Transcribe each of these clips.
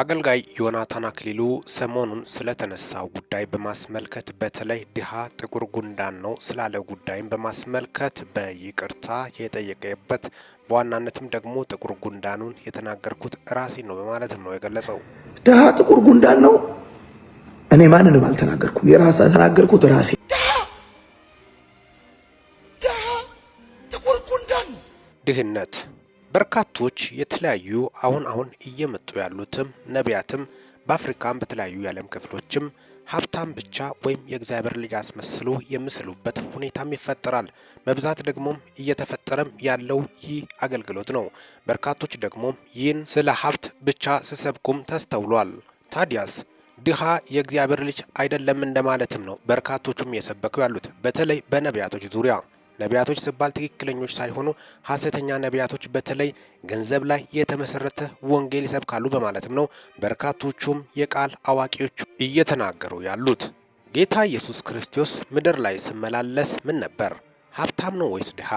አገልጋይ ዮናታን አክሊሉ ሰሞኑን ስለተነሳው ጉዳይ በማስመልከት በተለይ ድሃ ጥቁር ጉንዳን ነው ስላለ ጉዳይም በማስመልከት በይቅርታ የጠየቀበት በዋናነትም ደግሞ ጥቁር ጉንዳኑን የተናገርኩት ራሴ ነው በማለት ነው የገለጸው። ድሃ ጥቁር ጉንዳን ነው፣ እኔ ማንንም አልተናገርኩም፣ የራሳ የተናገርኩት ራሴ። ድህነት በርካቶች የተለያዩ አሁን አሁን እየመጡ ያሉትም ነቢያትም በአፍሪካም በተለያዩ የዓለም ክፍሎችም ሀብታም ብቻ ወይም የእግዚአብሔር ልጅ አስመስሎ የሚስሉበት ሁኔታም ይፈጠራል። በብዛት ደግሞም እየተፈጠረም ያለው ይህ አገልግሎት ነው። በርካቶች ደግሞም ይህን ስለ ሀብት ብቻ ስሰብኩም ተስተውሏል። ታዲያስ ድሃ የእግዚአብሔር ልጅ አይደለም እንደማለትም ነው በርካቶቹም እየሰበኩ ያሉት በተለይ በነቢያቶች ዙሪያ ነቢያቶች ሲባል ትክክለኞች ሳይሆኑ ሐሰተኛ ነቢያቶች በተለይ ገንዘብ ላይ የተመሰረተ ወንጌል ይሰብካሉ በማለትም ነው በርካቶቹም የቃል አዋቂዎች እየተናገሩ ያሉት። ጌታ ኢየሱስ ክርስቶስ ምድር ላይ ስመላለስ ምን ነበር? ሀብታም ነው ወይስ ድሃ?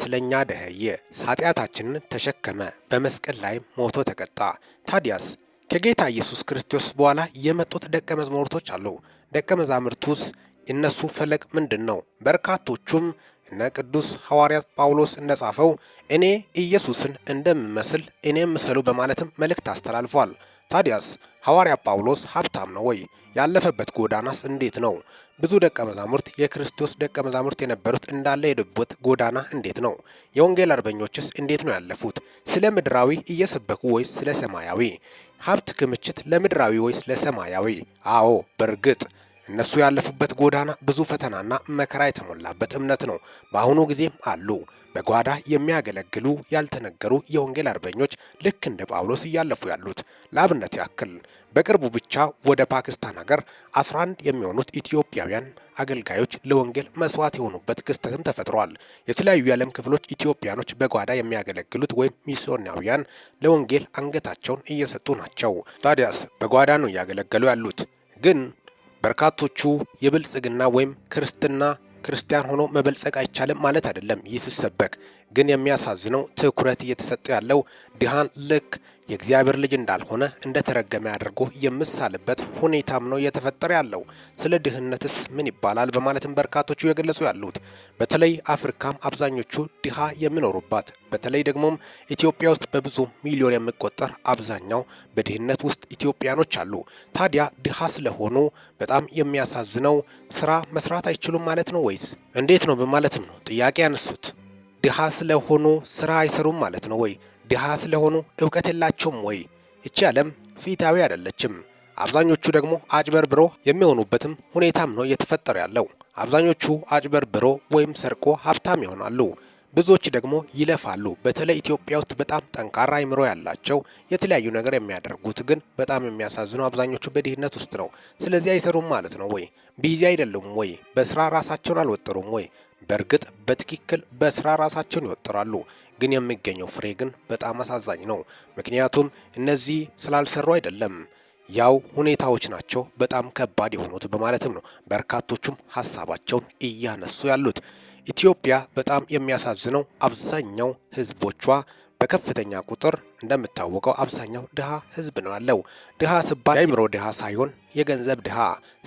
ስለ እኛ ደኸየ፣ ኃጢአታችንን ተሸከመ፣ በመስቀል ላይ ሞቶ ተቀጣ። ታዲያስ ከጌታ ኢየሱስ ክርስቶስ በኋላ የመጡት ደቀ መዛሙርቶች አሉ። ደቀ መዛሙርቱስ እነሱ ፈለግ ምንድን ነው? በርካቶቹም እነ ቅዱስ ሐዋርያት ጳውሎስ እንደጻፈው እኔ ኢየሱስን እንደምመስል እኔም ምሰሉ በማለትም መልእክት አስተላልፏል። ታዲያስ ሐዋርያ ጳውሎስ ሀብታም ነው ወይ? ያለፈበት ጎዳናስ እንዴት ነው? ብዙ ደቀ መዛሙርት የክርስቶስ ደቀ መዛሙርት የነበሩት እንዳለ የሄዱበት ጎዳና እንዴት ነው? የወንጌል አርበኞችስ እንዴት ነው ያለፉት? ስለ ምድራዊ እየሰበኩ ወይስ ስለ ሰማያዊ? ሀብት ክምችት ለምድራዊ ወይስ ለሰማያዊ? አዎ በእርግጥ እነሱ ያለፉበት ጎዳና ብዙ ፈተናና መከራ የተሞላበት እምነት ነው። በአሁኑ ጊዜም አሉ በጓዳ የሚያገለግሉ ያልተነገሩ የወንጌል አርበኞች ልክ እንደ ጳውሎስ እያለፉ ያሉት። ለአብነት ያክል በቅርቡ ብቻ ወደ ፓኪስታን ሀገር 11 የሚሆኑት ኢትዮጵያውያን አገልጋዮች ለወንጌል መስዋዕት የሆኑበት ክስተትም ተፈጥሯል። የተለያዩ የዓለም ክፍሎች ኢትዮጵያኖች በጓዳ የሚያገለግሉት ወይም ሚስዮናውያን ለወንጌል አንገታቸውን እየሰጡ ናቸው። ታዲያስ በጓዳ ነው እያገለገሉ ያሉት ግን በርካቶቹ የብልጽግና ወይም ክርስትና ክርስቲያን ሆኖ መበልጸግ አይቻልም ማለት አይደለም። ይህ ሲሰበክ ግን የሚያሳዝነው ትኩረት እየተሰጠ ያለው ድሃን ልክ የእግዚአብሔር ልጅ እንዳልሆነ እንደተረገመ አድርጎ የምሳልበት ሁኔታም ነው እየተፈጠረ ያለው። ስለ ድህነትስ ምን ይባላል በማለትም በርካቶቹ የገለጹ ያሉት በተለይ አፍሪካም አብዛኞቹ ድሃ የሚኖሩባት በተለይ ደግሞም ኢትዮጵያ ውስጥ በብዙ ሚሊዮን የሚቆጠር አብዛኛው በድህነት ውስጥ ኢትዮጵያኖች አሉ። ታዲያ ድሃ ስለሆኑ በጣም የሚያሳዝነው ስራ መስራት አይችሉም ማለት ነው ወይስ እንዴት ነው በማለትም ነው ጥያቄ ያነሱት። ድሃ ስለሆኑ ስራ አይሰሩም ማለት ነው ወይ? ድሃ ስለሆኑ እውቀት የላቸውም ወይ? እቺ ዓለም ፊታዊ አይደለችም። አብዛኞቹ ደግሞ አጭበርብሮ የሚሆኑበትም ሁኔታም ነው እየተፈጠረ ያለው። አብዛኞቹ አጭበርብሮ ወይም ሰርቆ ሀብታም ይሆናሉ። ብዙዎች ደግሞ ይለፋሉ። በተለይ ኢትዮጵያ ውስጥ በጣም ጠንካራ አይምሮ ያላቸው የተለያዩ ነገር የሚያደርጉት ግን በጣም የሚያሳዝኑ አብዛኞቹ በድህነት ውስጥ ነው። ስለዚህ አይሰሩም ማለት ነው ወይ? ቢዚ አይደሉም ወይ? በስራ ራሳቸውን አልወጠሩም ወይ? በእርግጥ በትክክል በስራ ራሳቸውን ይወጥራሉ፣ ግን የሚገኘው ፍሬ ግን በጣም አሳዛኝ ነው። ምክንያቱም እነዚህ ስላልሰሩ አይደለም ያው ሁኔታዎች ናቸው በጣም ከባድ የሆኑት በማለትም ነው በርካቶቹም ሀሳባቸውን እያነሱ ያሉት። ኢትዮጵያ በጣም የሚያሳዝነው አብዛኛው ህዝቦቿ በከፍተኛ ቁጥር እንደምታወቀው አብዛኛው ድሃ ህዝብ ነው ያለው። ድሃ ስባል የአእምሮ ድሃ ሳይሆን የገንዘብ ድሃ።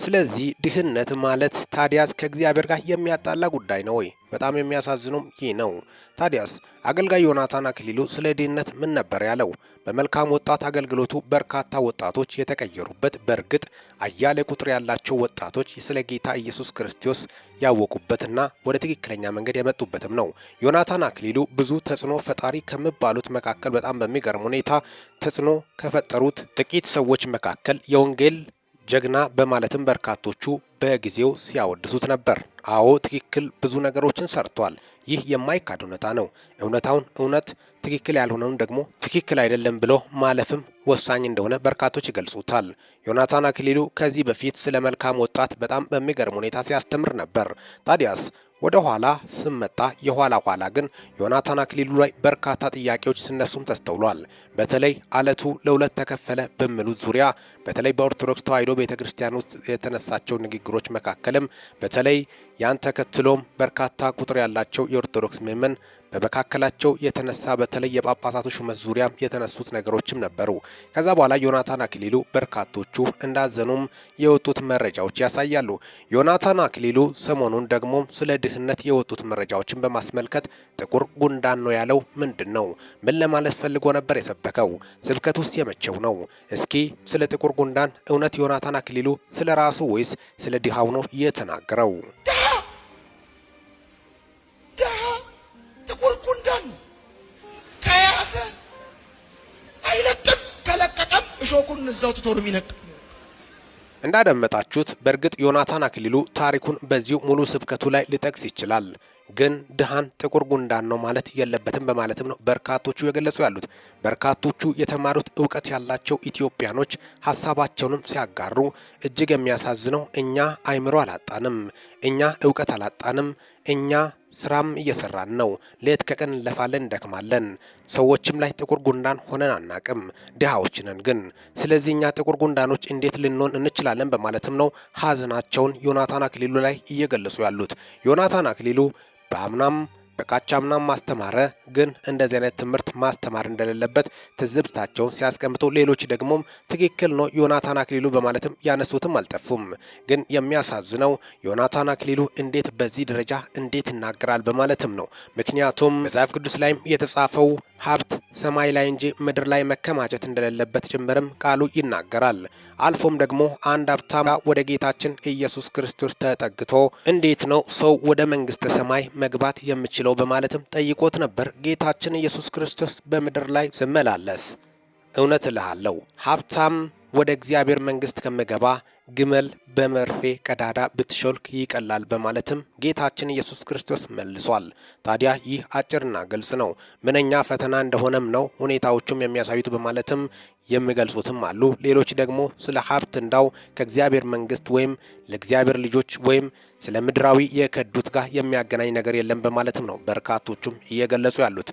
ስለዚህ ድህነት ማለት ታዲያስ ከእግዚአብሔር ጋር የሚያጣላ ጉዳይ ነው ወይ? በጣም የሚያሳዝኑም ይህ ነው። ታዲያስ አገልጋይ ዮናታን አክሊሉ ስለ ድህነት ምን ነበር ያለው? በመልካም ወጣት አገልግሎቱ በርካታ ወጣቶች የተቀየሩበት፣ በእርግጥ አያሌ ቁጥር ያላቸው ወጣቶች ስለ ጌታ ኢየሱስ ክርስቶስ ያወቁበትና ወደ ትክክለኛ መንገድ የመጡበትም ነው። ዮናታን አክሊሉ ብዙ ተጽዕኖ ፈጣሪ ከሚባሉት መካከል በጣም በሚገርም ሁኔታ ተጽዕኖ ከፈጠሩት ጥቂት ሰዎች መካከል የወንጌል ጀግና በማለትም በርካቶቹ በጊዜው ሲያወድሱት ነበር። አዎ ትክክል፣ ብዙ ነገሮችን ሰርቷል። ይህ የማይካድ እውነታ ነው። እውነታውን እውነት፣ ትክክል ያልሆነውን ደግሞ ትክክል አይደለም ብሎ ማለፍም ወሳኝ እንደሆነ በርካቶች ይገልጹታል። ዮናታን አክሊሉ ከዚህ በፊት ስለ መልካም ወጣት በጣም በሚገርም ሁኔታ ሲያስተምር ነበር። ታዲያስ ወደ ኋላ ስመጣ የኋላ ኋላ ግን ዮናታን አክሊሉ ላይ በርካታ ጥያቄዎች ሲነሱም ተስተውሏል። በተለይ አለቱ ለሁለት ተከፈለ በሚሉት ዙሪያ በተለይ በኦርቶዶክስ ተዋሕዶ ቤተ ክርስቲያን ውስጥ የተነሳቸው ንግግሮች መካከልም በተለይ ያን ተከትሎም በርካታ ቁጥር ያላቸው የኦርቶዶክስ ምዕመን በመካከላቸው የተነሳ በተለይ የጳጳሳቱ ሹመት የተነሱት ነገሮችም ነበሩ። ከዛ በኋላ ዮናታን አክሊሉ በርካቶቹ እንዳዘኑም የወጡት መረጃዎች ያሳያሉ። ዮናታን አክሊሉ ሰሞኑን ደግሞ ስለ ድህነት የወጡት መረጃዎችን በማስመልከት ጥቁር ጉንዳን ነው ያለው ምንድን ነው? ምን ለማለት ፈልጎ ነበር የሰበከው? ስብከት ውስጥ የመቸው ነው? እስኪ ስለ ጥቁር ጉንዳን እውነት ዮናታን አክሊሉ ስለ ራሱ ወይስ ስለ ድሃው ነው የተናገረው? ሾኩን እዛው ትቶ ነው የሚለቅ። እንዳደመጣችሁት በእርግጥ ዮናታን አክሊሉ ታሪኩን በዚሁ ሙሉ ስብከቱ ላይ ሊጠቅስ ይችላል። ግን ድሃን ጥቁር ጉንዳን ነው ማለት የለበትም በማለትም ነው በርካቶቹ የገለጹ ያሉት። በርካቶቹ የተማሩት እውቀት ያላቸው ኢትዮጵያኖች ሀሳባቸውንም ሲያጋሩ እጅግ የሚያሳዝነው እኛ አይምሮ አላጣንም፣ እኛ እውቀት አላጣንም እኛ ስራም እየሰራን ነው። ሌት ከቀን እንለፋለን፣ እንደክማለን። ሰዎችም ላይ ጥቁር ጉንዳን ሆነን አናቅም፣ ድሃዎችንን ግን። ስለዚህ እኛ ጥቁር ጉንዳኖች እንዴት ልንሆን እንችላለን? በማለትም ነው ሀዘናቸውን ዮናታን አክሊሉ ላይ እየገለጹ ያሉት። ዮናታን አክሊሉ በአምናም በካቻምና ማስተማረ ግን እንደዚህ አይነት ትምህርት ማስተማር እንደሌለበት ትዝብታቸውን ሲያስቀምጡ፣ ሌሎች ደግሞም ትክክል ነው ዮናታን አክሊሉ በማለትም ያነሱትም አልጠፉም። ግን የሚያሳዝነው ዮናታን አክሊሉ እንዴት በዚህ ደረጃ እንዴት ይናገራል በማለትም ነው። ምክንያቱም መጽሐፍ ቅዱስ ላይም የተጻፈው ሀብት ሰማይ ላይ እንጂ ምድር ላይ መከማቸት እንደሌለበት ጭምርም ቃሉ ይናገራል። አልፎም ደግሞ አንድ ሀብታም ወደ ጌታችን ኢየሱስ ክርስቶስ ተጠግቶ እንዴት ነው ሰው ወደ መንግስተ ሰማይ መግባት የምችለው በማለትም ጠይቆት ነበር። ጌታችን ኢየሱስ ክርስቶስ በምድር ላይ ስመላለስ እውነት እልሃለሁ ሀብታም ወደ እግዚአብሔር መንግስት ከምገባ ግመል በመርፌ ቀዳዳ ብትሾልክ ይቀላል በማለትም ጌታችን ኢየሱስ ክርስቶስ መልሷል። ታዲያ ይህ አጭርና ግልጽ ነው፣ ምንኛ ፈተና እንደሆነም ነው ሁኔታዎቹም የሚያሳዩት በማለትም የሚገልጹትም አሉ። ሌሎች ደግሞ ስለ ሀብት እንዳው ከእግዚአብሔር መንግስት ወይም ለእግዚአብሔር ልጆች ወይም ስለ ምድራዊ የከዱት ጋር የሚያገናኝ ነገር የለም በማለትም ነው በርካቶቹም እየገለጹ ያሉት።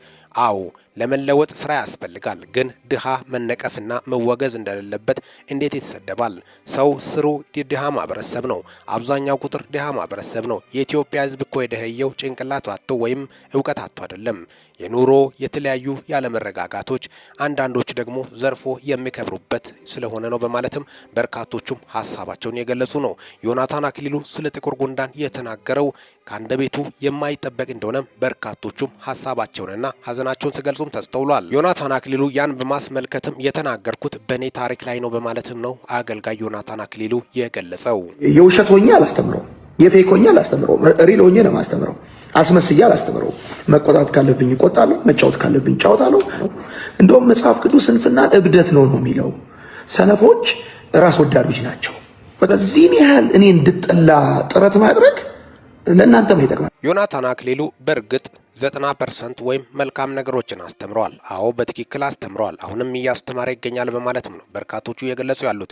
አዎ ለመለወጥ ስራ ያስፈልጋል፣ ግን ድሃ መነቀፍና መወገዝ እንደሌለበት እንዴት ይሰደባል ሰው ስሩ ድሃ ማህበረሰብ ነው። አብዛኛው ቁጥር ድሃ ማህበረሰብ ነው። የኢትዮጵያ ህዝብ እኮ የደህየው ጭንቅላት አጥቶ ወይም እውቀት አጥቶ አይደለም። የኑሮ የተለያዩ ያለመረጋጋቶች፣ አንዳንዶች ደግሞ ዘርፎ የሚከብሩበት ስለሆነ ነው በማለትም በርካቶቹም ሀሳባቸውን የገለጹ ነው። ዮናታን አክሊሉ ስለ ጥቁር ጉንዳን የተናገረው ቤቱ የማይጠበቅ እንደሆነም በርካቶቹም ሀሳባቸውንና ሀዘናቸውን ሲገልጹም ተስተውሏል። ዮናታን አክሊሉ ያን በማስመልከትም የተናገርኩት በእኔ ታሪክ ላይ ነው በማለትም ነው አገልጋይ ዮናታን አክሊሉ የገለጸው። የውሸት ሆኜ አላስተምረው፣ የፌክ ሆኜ አላስተምረው፣ ሪል ሆኜ ነው አስመስዬ አላስተምረው። መቆጣት ካለብኝ እቆጣለሁ፣ መጫወት ካለብኝ እጫወታለሁ። እንደውም መጽሐፍ ቅዱስ ስንፍናን እብደት ነው ነው የሚለው። ሰነፎች ራስ ወዳዶች ናቸው። በዚህን ያህል እኔ እንድጠላ ጥረት ማድረግ ለእናንተም ይጠቅማል። ዮናታን አክሊሉ በእርግጥ ዘጠና ፐርሰንት ወይም መልካም ነገሮችን አስተምረዋል። አዎ በትክክል አስተምረዋል። አሁንም እያስተማረ ይገኛል በማለትም ነው በርካቶቹ እየገለጹ ያሉት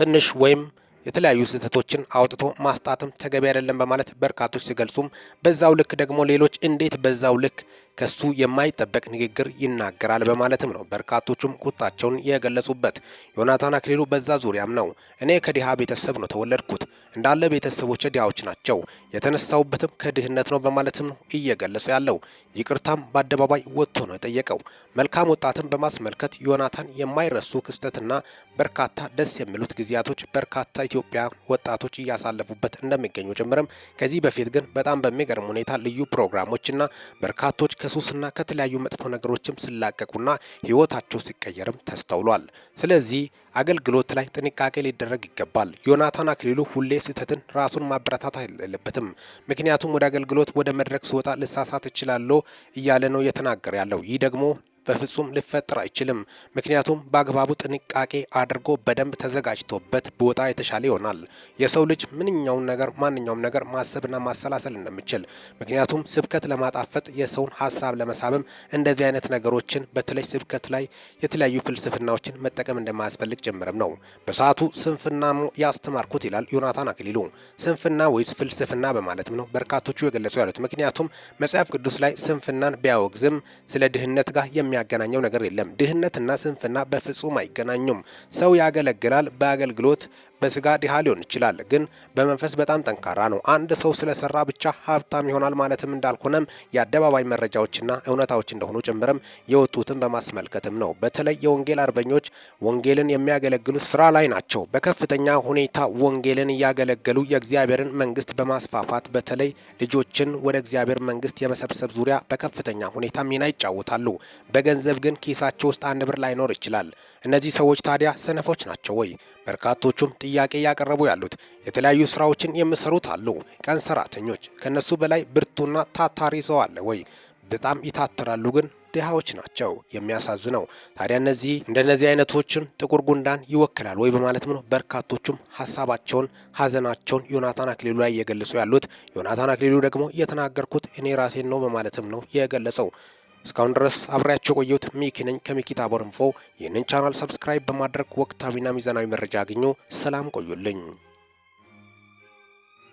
ትንሽ ወይም የተለያዩ ስህተቶችን አውጥቶ ማስጣትም ተገቢ አይደለም በማለት በርካቶች ሲገልጹም፣ በዛው ልክ ደግሞ ሌሎች እንዴት በዛው ልክ ከሱ የማይጠበቅ ንግግር ይናገራል በማለትም ነው በርካቶቹም ቁጣቸውን የገለጹበት። ዮናታን አክሊሉ በዛ ዙሪያም ነው እኔ ከድሃ ቤተሰብ ነው ተወለድኩት፣ እንዳለ ቤተሰቦች ድሃዎች ናቸው፣ የተነሳውበትም ከድህነት ነው በማለትም ነው እየገለጸ ያለው። ይቅርታም በአደባባይ ወጥቶ ነው የጠየቀው። መልካም ወጣትን በማስመልከት ዮናታን የማይረሱ ክስተትና በርካታ ደስ የሚሉት ጊዜያቶች በርካታ ኢትዮጵያ ወጣቶች እያሳለፉበት እንደሚገኙ ጭምርም ከዚህ በፊት ግን በጣም በሚገርም ሁኔታ ልዩ ፕሮግራሞችና በርካቶች ከሱስና ከተለያዩ መጥፎ ነገሮችም ስላቀቁና ህይወታቸው ሲቀየርም ተስተውሏል። ስለዚህ አገልግሎት ላይ ጥንቃቄ ሊደረግ ይገባል። ዮናታን አክሊሉ ሁሌ ስህተትን ራሱን ማበረታታት የለበትም። ምክንያቱም ወደ አገልግሎት ወደ መድረክ ስወጣ ልሳሳት እችላለሁ እያለ ነው የተናገረ ያለው። ይህ ደግሞ በፍጹም ሊፈጠር አይችልም። ምክንያቱም በአግባቡ ጥንቃቄ አድርጎ በደንብ ተዘጋጅቶበት ቦታ የተሻለ ይሆናል። የሰው ልጅ ምንኛውን ነገር ማንኛውም ነገር ማሰብና ማሰላሰል እንደምችል ምክንያቱም ስብከት ለማጣፈጥ የሰውን ሀሳብ ለመሳብም እንደዚህ አይነት ነገሮችን በተለይ ስብከት ላይ የተለያዩ ፍልስፍናዎችን መጠቀም እንደማያስፈልግ ጭምርም ነው። በሰዓቱ ስንፍና ያስተማርኩት ይላል ዮናታን አክሊሉ። ስንፍና ወይስ ፍልስፍና በማለትም ነው በርካቶቹ የገለጹ ያሉት። ምክንያቱም መጽሐፍ ቅዱስ ላይ ስንፍናን ቢያወግዝም ስለ ድህነት ጋር የሚያ የሚያገናኘው ነገር የለም። ድህነትና ስንፍና በፍጹም አይገናኙም። ሰው ያገለግላል፣ በአገልግሎት በስጋ ድሃ ሊሆን ይችላል፣ ግን በመንፈስ በጣም ጠንካራ ነው። አንድ ሰው ስለሰራ ብቻ ሀብታም ይሆናል ማለትም እንዳልሆነም የአደባባይ መረጃዎችና እውነታዎች እንደሆኑ ጭምርም የወጡትን በማስመልከትም ነው። በተለይ የወንጌል አርበኞች ወንጌልን የሚያገለግሉ ስራ ላይ ናቸው። በከፍተኛ ሁኔታ ወንጌልን እያገለገሉ የእግዚአብሔርን መንግስት በማስፋፋት በተለይ ልጆችን ወደ እግዚአብሔር መንግስት የመሰብሰብ ዙሪያ በከፍተኛ ሁኔታ ሚና ይጫወታሉ። በገንዘብ ግን ኪሳቸው ውስጥ አንድ ብር ላይኖር ይችላል። እነዚህ ሰዎች ታዲያ ሰነፎች ናቸው ወይ? በርካቶቹም ጥያቄ እያቀረቡ ያሉት። የተለያዩ ስራዎችን የሚሰሩት አሉ። ቀን ሰራተኞች ከነሱ በላይ ብርቱና ታታሪ ሰው አለ ወይ? በጣም ይታተራሉ ግን ድሃዎች ናቸው። የሚያሳዝነው ታዲያ እነዚህ እንደነዚህ አይነቶችን ጥቁር ጉንዳን ይወክላል ወይ በማለትም ነው በርካቶቹም ሀሳባቸውን፣ ሀዘናቸውን ዮናታን አክሊሉ ላይ እየገለጹ ያሉት። ዮናታን አክሊሉ ደግሞ የተናገርኩት እኔ ራሴን ነው በማለትም ነው የገለጸው። እስካሁን ድረስ አብሬያቸው የቆየሁት ሚኪ ነኝ ከሚኪታ ቦርንፎ። ይህንን ቻናል ሰብስክራይብ በማድረግ ወቅታዊና ሚዛናዊ መረጃ አግኙ። ሰላም ቆዩልኝ።